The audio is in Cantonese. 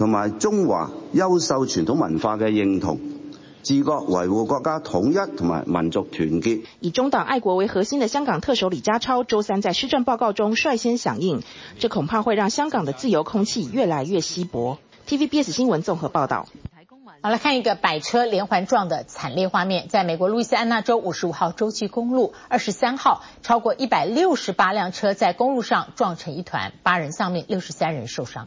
同埋中華優秀傳統文化嘅認同，自覺維護國家統一同埋民族團結。以中黨愛國為核心嘅香港特首李家超，周三在施政報告中率先響應，這恐怕會讓香港的自由空氣越來越稀薄。TVBS 新聞綜合報導。好，來看一個百車連環撞的慘烈畫面，在美國路易斯安那州五十五號州際公路二十三號，超過一百六十八輛車在公路上撞成一團，八人喪命，六十三人受傷。